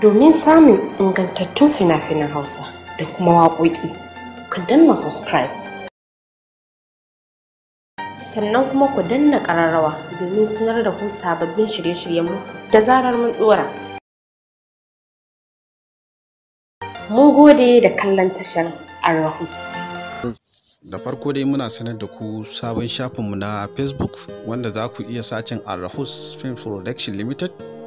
Domin samun ingantattun fina-finan Hausa da kuma waƙoƙi, ku danna subscribe. Sannan kuma ku danna ƙararrawa domin sanar da ku sababbin shirye-shiryenmu da zarar mun ɗora. Mun gode da kallon tashar Arahus. Da farko dai muna sanar da ku sabon shafinmu na Facebook wanda za ku iya sacin Arahus Film Production Limited.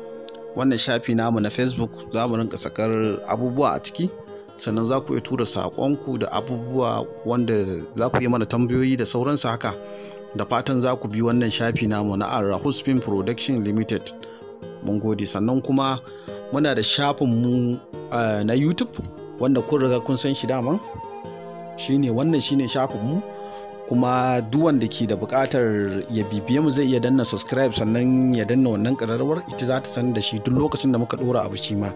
wannan shafi namu na facebook za mu rinka sakar abubuwa a ciki sannan za ku iya tura saƙonku da abubuwa wanda za ku yi mana tambayoyi da sauransu haka da fatan za ku bi wannan shafi namu na arahus production limited mun gode sannan kuma muna da shafin mu eh, na youtube wanda kun riga kun san shi daman shine wannan shine mu. kuma duk wanda ke da bukatar ya bibiye mu zai iya danna subscribe sannan ya danna wannan kararwar, ita za ta san da shi duk lokacin da muka ɗora abu shi ma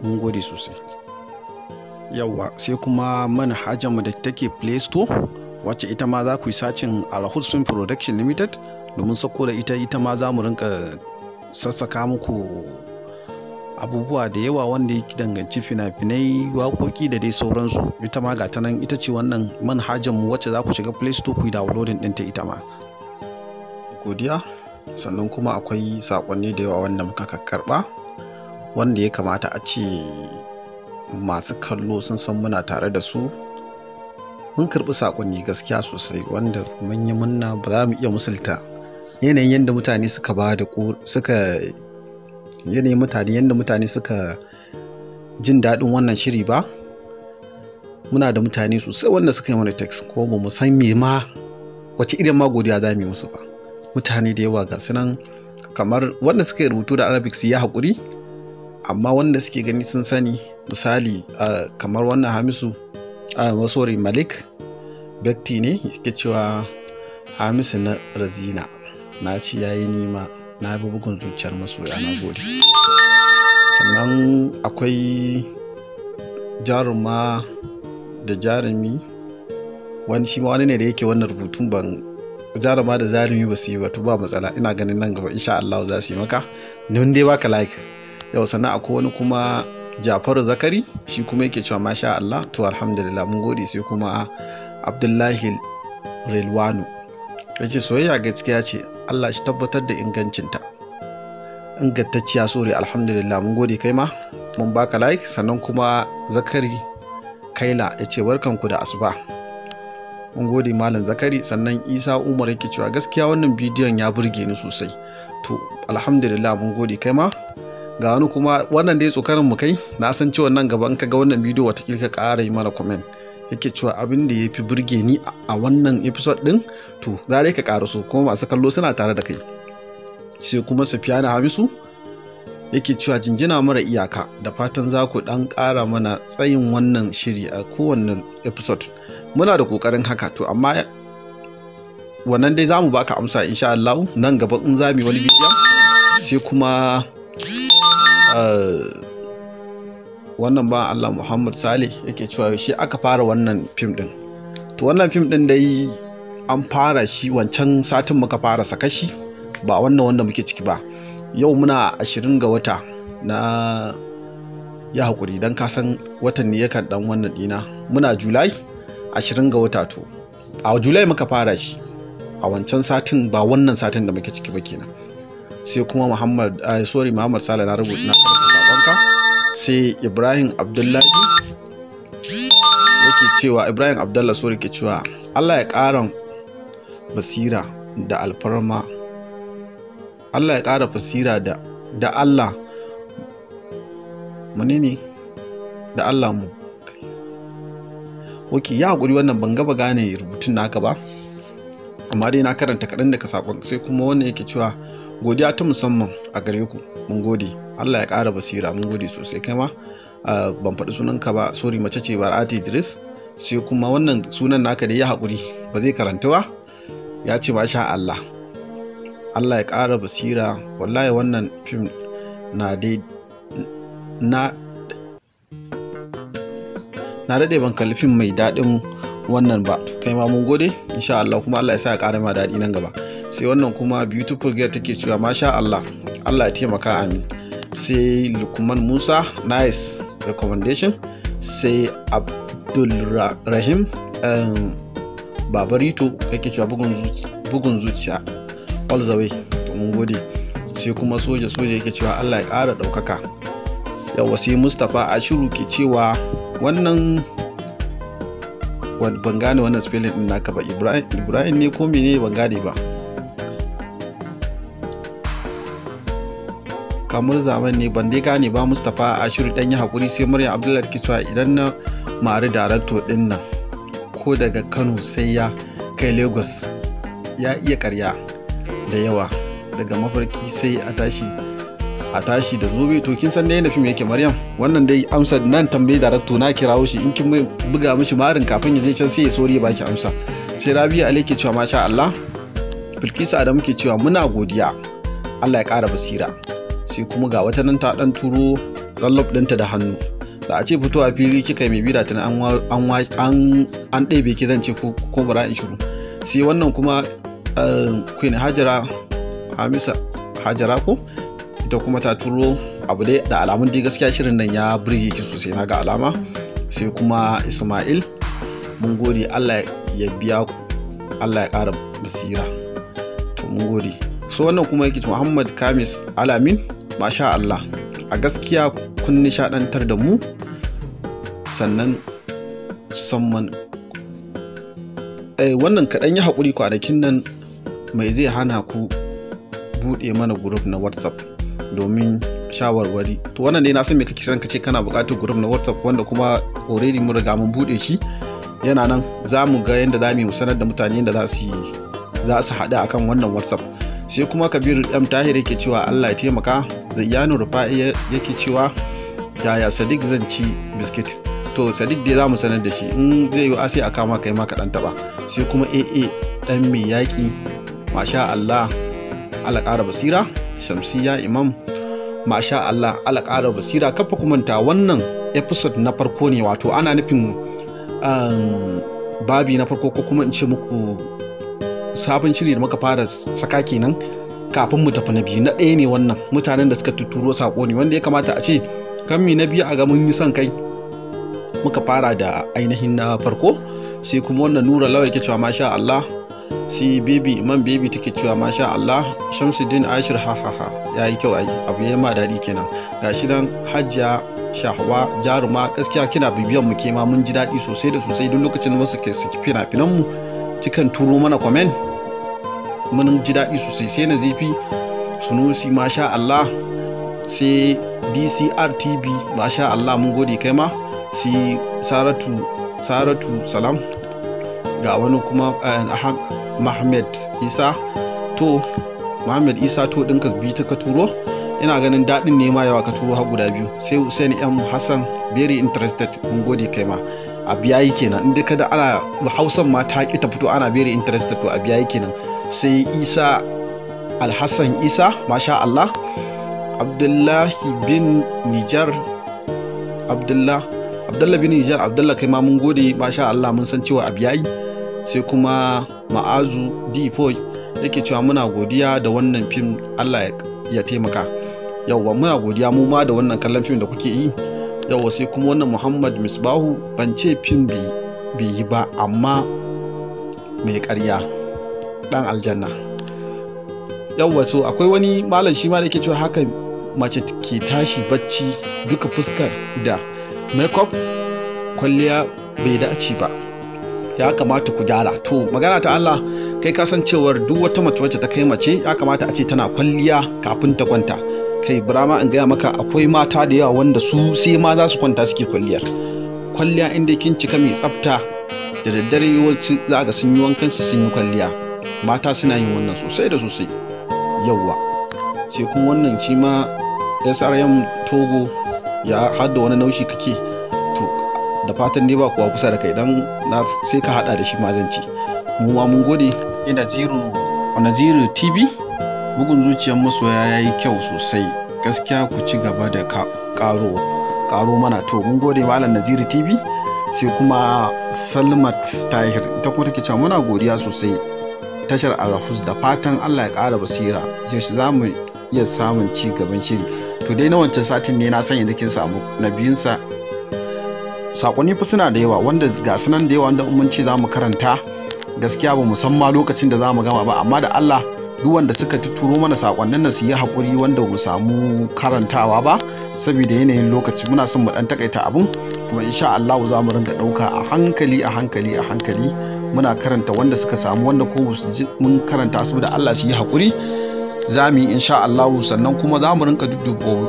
mun gode sosai yawwa sai kuma manhajar mu da take play store wacce ita ma za ku yi sacin alhud film production limited domin sako da ita ita ma za mu rinka sassaka muku abubuwa da yawa wanda ya danganci fina-finai waƙoƙi da dai sauransu ita ma ga ita ce wannan manhajar mu wacce za ku shiga play store ku yi downloading ɗinta ita ma godiya sannan kuma akwai saƙonni da yawa wanda muka karɓa wanda ya kamata a ce masu kallo sun san muna tare da su mun karɓi saƙonni gaskiya sosai wanda mun yi munna ba za mu iya musulta yanayin yadda mutane suka ba da suka yanayin mutane yadda mutane suka jin daɗin wannan shiri ba muna da mutane sosai wanda suka yi mana text ko ba mu san me ma wace irin ma godiya za mu musu ba mutane da yawa ga sunan kamar wanda suka rubutu da arabic su yi haƙuri amma wanda suke gani sun sani misali kamar wannan hamisu masori malik bekti ne yake cewa hamisu na razina na ci yayi nima na fi bugun zuciyar masoya na gode sannan akwai jaruma da jarumi wani shi wani ne da yake wannan rubutun ban jaruma da jarumi ba su yi wato ba matsala ina ganin nan gaba insha Allah za su yi maka don dai baka like yau sannan akwai wani kuma Jafaru Zakari shi kuma yake cewa masha Allah to alhamdulillah mun gode sai kuma Abdullahi Ya yace soyayya gaskiya ce Allah shi tabbatar da ingancinta ingantacciya sore alhamdulillah mun gode kai ma mun baka like sannan kuma zakari kaila ya ce barkanku da asuba mun gode malam zakari sannan isa umar yake cewa gaskiya wannan bidiyon ya burge ni sosai to alhamdulillah mun gode kai ma ga wani kuma wannan dai tsokarin mu kai na san cewa nan gaba in ka ga wannan bidiyo watakila ka ƙara yi mana comment ake cewa abin da ya fi burge ni a wannan episode din to za ka su kuma masu kallo suna tare da kai sai kuma sufiyana hamisu yake cewa jinjina mara iyaka da fatan za ku dan ƙara mana tsayin wannan shiri a kowane episode muna da ƙoƙarin haka to amma wannan dai za mu baka amsa insha Allah nan gaba in za mu yi wani bidiyon sai kuma eh, wannan ba Allah Muhammad Sale yake cewa shi aka fara wannan fim din to wannan fim din dai an fara shi wancan satin muka fara saka shi ba wannan wanda muke ciki ba yau muna ashirin ga wata na ya haƙuri don san watan ne yakan dan wannan dina muna julai ashirin ga wata to a julai muka fara shi a wancan satin ba wannan satin da muke ciki ba kenan sai kuma muhammad eh, sorry muhammad sale na rubuta na karɓi sabonka sai ibrahim abdullahi yake cewa ibrahim abdullahi so ke cewa allah ya ƙara basira da alfarma allah ya ƙara basira da da allah mu ne da allah mu ok ya haƙuri wannan ban gaba gane rubutun naka ba amma dai na karanta kaɗan daga sakon sai kuma wannan yake cewa godiya ta musamman a gare ku mun gode Allah ya ƙara basira mun gode sosai kai ma ban faɗi sunanka ba sorry mace ce ba Ati Idris sai kuma wannan sunan naka da ya haƙuri ba zai karanta ba ya ce masha Allah Allah ya ƙara basira wallahi wannan fim na dai na daɗe ban kalli fim mai daɗin wannan ba kai ma mun gode insha Allah kuma Allah ya sa ya ƙara ma daɗi nan gaba sai wannan kuma beautiful girl take cewa masha Allah Allah ya taimaka amin sai lukman musa nice recommendation sai abdul rahim um, babarito yake cewa bugun zuciya all the way to mun gode sai kuma soja soja yake cewa allah ya ƙara ɗaukaka yawa sai mustapha ashiru ke cewa wannan ban gane wannan spelling din naka ba ibrahim ne ko mene ban gane ba kamar zaman ne ban dai gane ba mustapha ashiru dan yi hakuri sai murya abdullahi kiswa idan na mari darakto din nan ko daga kano sai ya kai lagos ya iya karya da yawa daga mafarki sai a tashi a tashi da zobe to kin san da yadda fim yake maryam wannan dai amsa nan tambayi darakto na kirawo shi in kin buga mishi marin kafin ya je can sai ya sori ya baki amsa sai rabi ali ke cewa masha allah bilkisu adamu ke cewa muna godiya allah ya kara basira sai kuma ga wata nan ta dan turo lallop ɗinta da hannu da a ce fito a fili kika mai bida tun an ɗebe ki zance ko bara in shiru sai wannan kuma eh, queen hajara hamisa hajara ko ita kuma ta turo abu dai da alamun dai gaskiya shirin nan ya birge ki sosai na ga alama sai kuma ismail mun gode allah ya biya ku allah ya ƙara basira to mun gode so wannan kuma yake muhammad kamis alamin masha allah a gaskiya kun nishadantar da mu sannan musamman eh, wannan kaɗan ya haƙuri kwanakin nan mai zai hana ku buɗe mana group na whatsapp domin shawarwari to wannan ne na san me kake son ka ce kana buƙatar group na whatsapp wanda kuma already mun riga mun bude shi yana nan za mu ga yadda za mu sanar da mutane yadda za su za su haɗu akan wannan whatsapp sai kuma kabiru ɗan tahir yake cewa allah ya taimaka zayyanu rufa'i yake cewa yaya sadiq zan ci biskit to sadiq dai za mu sanar da shi in zai yi sai a kama kai ma dan taɓa sai kuma aa ɗan mai yaƙi masha allah Allah ƙara basira shamsiya imam masha Allah ala ƙara basira kafa kumanta wannan episode na farko ne wato ana nufin um, babi na farko ko kuma in ce muku sabon shiri da muka fara saka kenan kafin mu tafi na biyu na ɗaya ne wannan mutanen da suka tuturo saƙo ne wanda ya kamata a ce kan mi na biyu a ga mun yi son kai muka fara da ainihin na farko sai kuma wannan nura lawa yake cewa masha Allah si bibi man bibi take cewa masha Allah Shamsuddin Ashir ha ha ha yayi kyau ai abu ne ma dadi kenan gashi dan Hajiya Shahwa Jaruma gaskiya kina bibiyan mu ma mun ji dadi sosai da sosai duk lokacin da musu ke saki fina finan mu kikan turo mana comment mun ji dadi sosai sai na zifi sunusi masha Allah sai DCR TV masha Allah mun gode kai ma si Saratu Saratu salam ga wani kuma Muhammad eh, Isa to Muhammad Isa to ɗinka biyu ta ka turo ina ganin daɗin nema yawa ka turo har guda biyu sai Hussein M Hassan very interested mun gode kai ma a biya yi kenan inda kada ana Hausan ma ta ki ta fito ana very interested to a biya yi kenan sai Isa Alhassan Isa masha Allah Abdullahi bin Nijar Abdullah Abdullah bin Nijar Abdullah kai ma mun gode masha Allah mun san cewa abiyayi sai kuma ma'azu d4 yake cewa muna godiya da wannan fim allah ya taimaka yauwa muna godiya mu ma da wannan kallon fim da kuke yi yauwa sai kuma wannan muhammad misbahu ban ce fim bai yi ba amma mai karya dan aljanna yauwa so akwai wani malam shi ma da yake cewa haka mace ke tashi bacci duka fuskar da makeup kwalliya bai dace ba ya kamata ku gyara to magana ta Allah kai ka kasancewar duk wata mace wacce ta kai mace ya kamata a ce tana kwalliya kafin ta kwanta kai burama in gaya maka akwai mata da yawa wanda su sai ma za su kwanta suke kwalliyar kwalliya inda kin cika mai tsafta da daddare yawanci za ga sun yi wankan su sun yi kwalliya mata suna yin wannan sosai da sosai yawwa sai kuma wannan shi ma srm togo ya hadda wani naushi kake da fatan ne ba kuwa kusa da kai dan na sai ka hada da shi ma zan mu ma mun gode ina zero tv bugun zuciyar masoya ya yi kyau sosai gaskiya ku ci gaba da karo karo mana to mun gode malam naziru tv sai kuma salmat tahir ita kuma take cewa muna godiya sosai tashar alhus da fatan allah ya kara basira yaushe za mu iya samun ci gaban shiri to dai na wancan satin ne na sanya kin samu na biyunsa sakonni fa suna da yawa wanda ga da yawa wanda mun ce za mu karanta gaskiya ba mu musamman lokacin da za mu gama ba amma da Allah duk wanda suka tuturo mana sakonnin nan su yi hakuri wanda mu samu karantawa ba saboda yanayin lokaci muna son mu dan takaita abun kuma insha Allah za mu rinka dauka a hankali a hankali a hankali muna karanta wanda suka samu wanda ko mun karanta su Allah su yi hakuri za mu yi insha Allah sannan kuma za mu rinka duddubo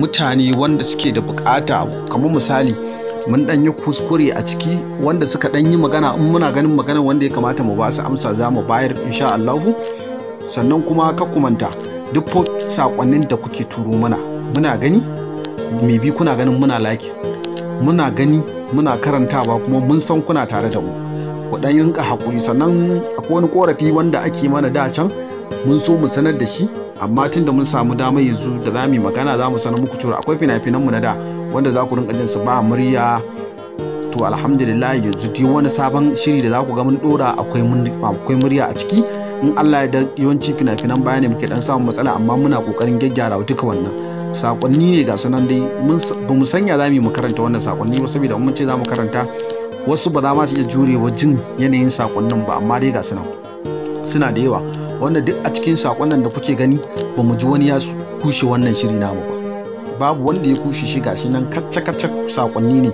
mutane wanda suke da bukata kamar misali mun dan yi kuskure a ciki wanda suka dan yi magana in muna ganin magana wanda ya kamata mu ba su amsa za mu bayar insha Allah sannan kuma ka kumanta duk sakonnin da kuke turo mana muna gani me bi kuna ganin muna laki muna gani muna karantawa kuma mun san kuna tare da mu ku dan yinka hakuri sannan akwai wani korafi wanda ake mana da can mun so mu sanar da shi amma tun da mun samu dama yanzu da za mu magana za mu sanar muku cewa akwai fina-finan mu na da wanda za ku rinka jin su ba murya to alhamdulillah yanzu duk wani sabon shiri da za ku ga mun dora akwai mun akwai murya a ciki in Allah ya da yawanci fina-finan baya ne muke dan samu matsala amma muna kokarin gyaggyara duka wannan sakonni ne ga sanan dai mun ba mu sanya za mu karanta wannan sakonni ba saboda mun ce za mu karanta wasu ba za ma su iya jurewa jin yanayin sakonnin ba amma dai ga suna suna da yawa wanda duk a cikin sakonnin da kuke gani ba mu ji wani ya kushe wannan shiri namu ba babu wanda ya kushe shi gashi nan kacce kacce sakonni ne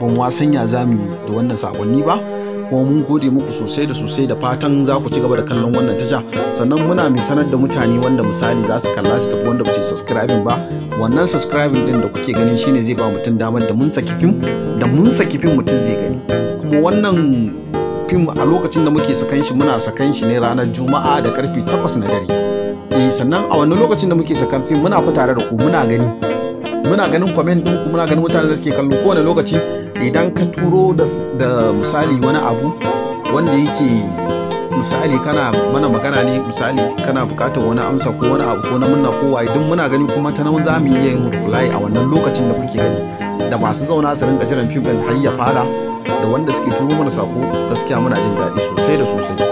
ban wasan ya zamu yi da wannan sakonni ba kuma mun gode muku sosai da sosai da fatan za ku ci gaba da kallon wannan tasha sannan muna mai sanar da mutane wanda misali za su kalla su tafi wanda ba su subscribing ba wannan subscribing din da kuke ganin shine zai ba mutum damar da mun saki fim da mun saki fim mutum zai gani kuma wannan fim a lokacin da muke sakan shi muna sakan shi ne ranar juma'a da karfe 8 na dare eh sannan a wannan lokacin da muke sakan fim muna fa tare da ku muna gani muna ganin comment ɗinku muna ganin mutanen da suke kallo kowane lokaci idan ka turo da misali wani abu wanda yake misali kana mana magana ne misali kana bukatar wani amsa ko wani abu ko na munna ko idan muna gani kuma ta nan zamu yi iya yin reply a wannan lokacin da kuke gani da masu zauna su rinka jiran fim din har ya fara da wanda suke turo mana sako gaskiya muna jin daɗi sosai da sosai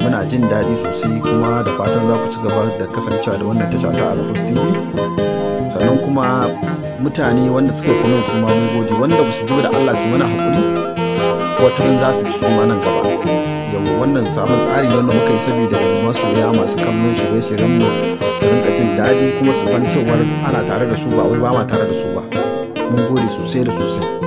muna jin daɗi sosai kuma da fatan za ku ci gaba da kasancewa da wannan tasha ta Alfus TV sannan kuma mutane wanda suka kuma su ma mun gode wanda ba su ji da Allah su mana hakuri watarin za su su ma nan gaba yau wannan sabon tsari ne wanda muka yi saboda masoya masu kallon shirye-shiryen mu su rinka jin daɗi kuma su san cewar ana tare da su ba wai ba ma tare da su ba mun gode sosai da sosai